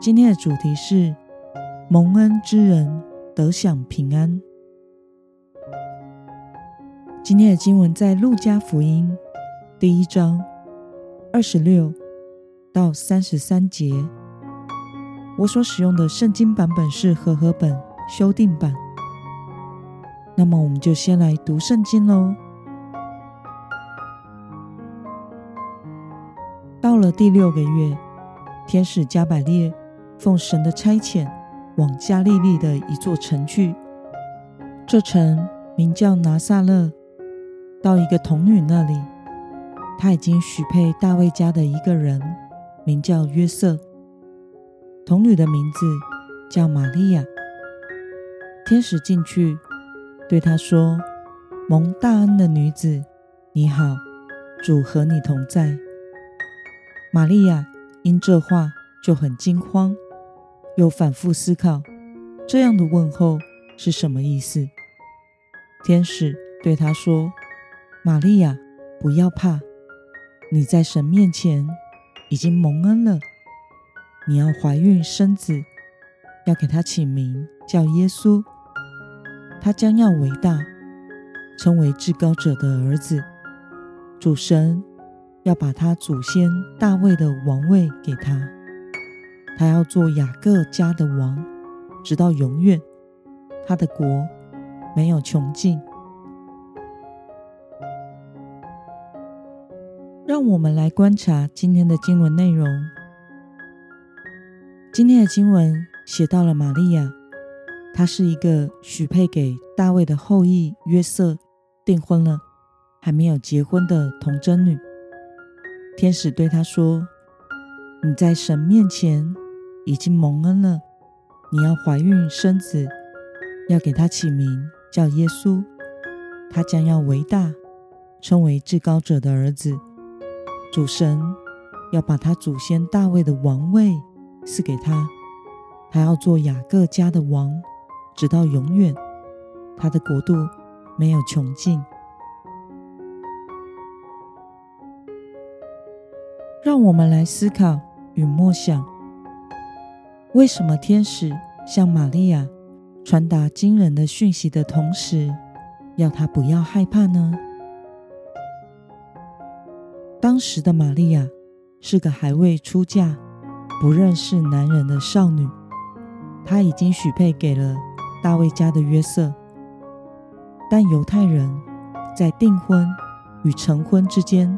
今天的主題是蒙恩之人得享平安。今天的經文在《路加福音》第一章二十六到三十三節。我所使用的聖經版本是和合本修訂版。那麼，我們就先來讀聖經嘍。到了第六個月，天使加百列。奉神的差遣，往加利利的一座城去。這城名叫拿撒勒。到一個童女那裡，她已經許配大衛家的一個人，名叫約瑟。童女的名字叫瑪利亞。天使進去，對她說：“蒙大恩的女子，你好，主和你同在。”瑪利亞因這話就很驚慌。又反覆思考，這樣的問候是什麼意思？天使對他說：“瑪利亞，不要怕，你在神面前已經蒙恩了。你要懷孕生子，要給他起名叫耶穌。他將要偉大，成為至高者的兒子。主神要把他祖先大衛的王位給他。”他要做雅各家的王，直到永遠。他的國沒有窮盡。讓我們來觀察今天的經文內容。今天的經文寫到了瑪利亞，她是一個許配給大衛的後裔約瑟訂婚了，還沒有結婚的童貞女。天使對她說：“你在神面前。”已經蒙恩了，你要懷孕生子，要給他起名叫耶穌。他將要為大，稱為至高者的兒子。主神要把他祖先大衛的王位賜給他，他要做雅各家的王，直到永遠。他的國度沒有窮盡。讓我們來思考與默想。為什麼天使向瑪利亞傳達驚人的訊息的同時，要她不要害怕呢？當時的瑪利亞是個還未出嫁、不認識男人的少女，她已經許配給了大衛家的約瑟，但猶太人在訂婚與成婚之間，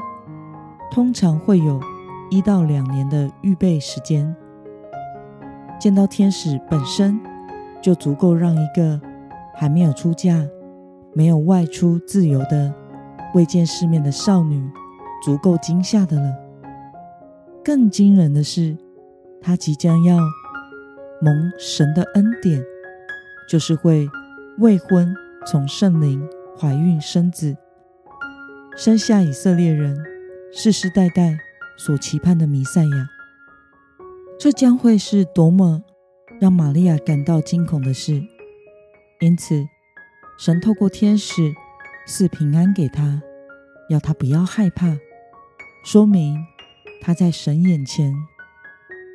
通常會有一到兩年的預備時間。見到天使本身就足夠讓一個還沒有出嫁、沒有外出自由的未見世面的少女足夠驚嚇的了。更驚人的是，她即將要蒙神的恩典，就是會未婚從聖靈懷孕生子，生下以色列人世世代代所期盼的彌賽亞。這將會是多麼讓瑪利亞感到驚恐的事！因此，神透過天使賜平安給她，要她不要害怕，說明她在神眼前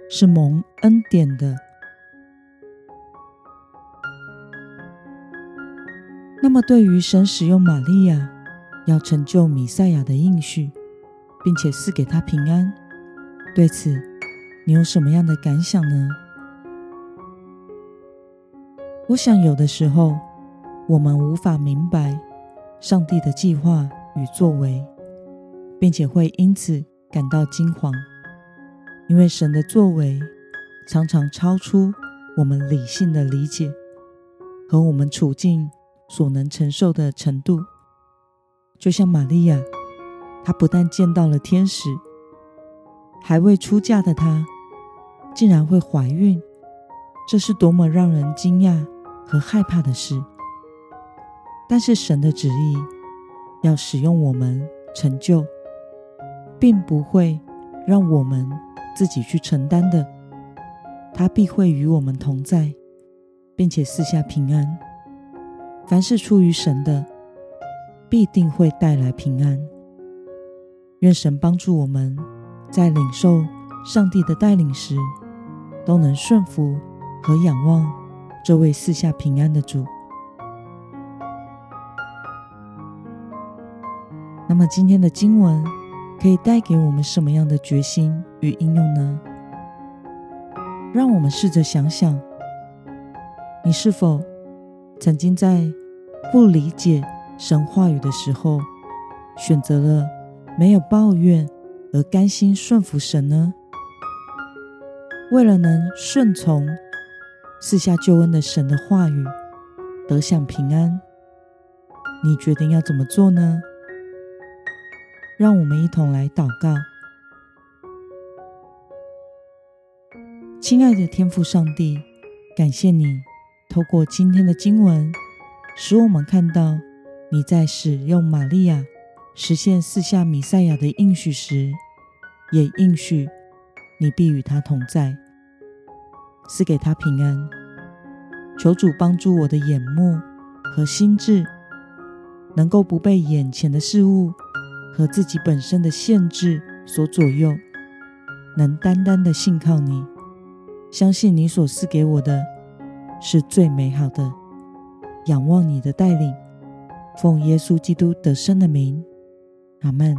是蒙恩典的。那麼，對於神使用瑪利亞要成就彌賽亞的應許，並且賜給她平安，對此。你有什麼樣的感想呢？我想，有的時候，我們無法明白上帝的計劃與作為，並且會因此感到驚慌，因為神的作為常常超出我們理性的理解和我們處境所能承受的程度。就像瑪利亞，她不但見到了天使，還未出嫁的她。竟然會懷孕，這是多麼讓人驚訝和害怕的事！但是神的旨意要使用我們成就，並不會讓我們自己去承擔的。他必會與我們同在，並且賜下平安。凡是出於神的，必定會帶來平安。願神幫助我們在領受上帝的帶領時，都能順服和仰望這位賜下平安的主。那麼今天的經文可以帶給我們什麼樣的決心與應用呢？讓我們試着想想，你是否曾經在不理解神話語的時候，選擇了沒有抱怨而甘心順服神呢？為了能順從賜下救恩的神的話語，得享平安，你決定要怎麼做呢？讓我們一同來禱告。親愛的天父上帝，感謝你透過今天的經文，使我們看到你在使用馬利亞實現賜下彌賽亞的應許時，也應許。你必與他同在，賜給他平安。求主幫助我的眼目和心智，能夠不被眼前的事物和自己本身的限制所左右，能單單的信靠你，相信你所賜給我的是最美好的。仰望你的帶領，奉耶穌基督得勝的名，阿們。